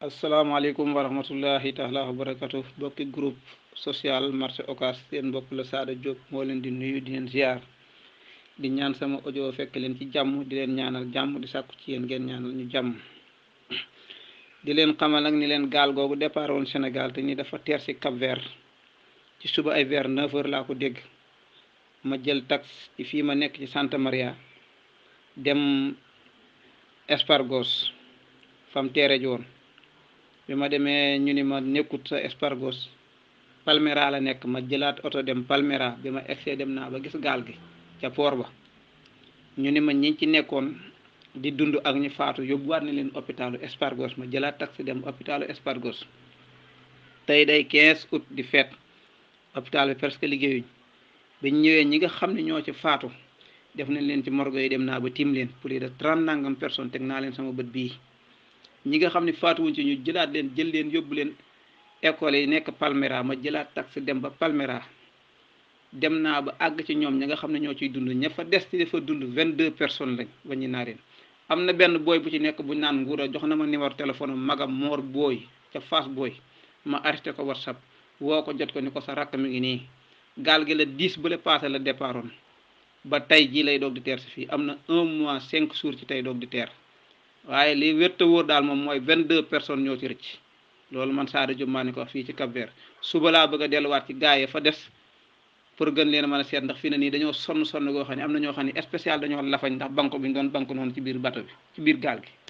asalaamaaleykum wa rahmatullahi taala wa barakatu bokki group social marché Ocass seen mbokk la Sada Diop moo leen di nuyu di leen di ñaan sama audio fekk leen ci jàmm di leen ñaanal jàmm di sàkku ci yéen ngeen ñaanal ñu jàmm di leen xamal ak ni leen gaal googu départ woon Sénégal te ni dafa teer si Cap ci suba ay vers neuf laa ko dégg ma jël tax ci fii ma nekk ci Santa Maria dem Espargos fam tere joon bi ma demee ñu ni ma nekkut sa Espargos Palmera la nekk ma jëlaat oto dem Palmera bi ma egsee dem naa ba gis gaal gi ca poor ba ñu ni ma ñi ci nekkoon di dund ak ñu faatu yóbbuwaat na leen hôpitalu Espargos ma jëlaat tax dem hôpitalu Espargos tey day 15 août di fête hôpital bi presque liggéeyuñ biñ ñëwee ñi nga xam ne ñoo ci faatu def nañ leen ci morgue yi dem naa ba tiim leen plus de trente nangam personne teg naa leen sama bët bii ñi nga xam ne faatuwuñ ci ñu jëlaat leen jël leen yóbbu leen école yi nekk Palmera ma jëlaat taks dem ba Palmera dem naa ba àgg ci ñoom ñi nga xam ne ñoo ciy dund ña fa des ci fa dund vingt deux personnes lañ waññi naa reen am na benn booy bu ci nekk bu naan nguura jox na ma numéro téléphone magam moor booy ca Fass booy ma arrêté ko WhatsApp woo ko jot ko ni ko sa rakk mi ngi nii gaal gi la dix bu le passé la départoon ba tey jii lay doog di teer si fii am na un mois cinq jours ci tey doog di teer waaye li wér wóor daal moom mooy vingt deux personnes ñoo ci rëcc loolu man Sadio Diop maa ni ko fii ci Cap Vert suba laa bëgg a delluwaat ci gaay fa des pour gën leen mën a seet ndax fi ne nii dañoo sonn sonn goo xam ne am na ñoo xam ne spécial dañoo lafañ ndax banque bi ñu doon banque biir bato bi ci biir gaal gi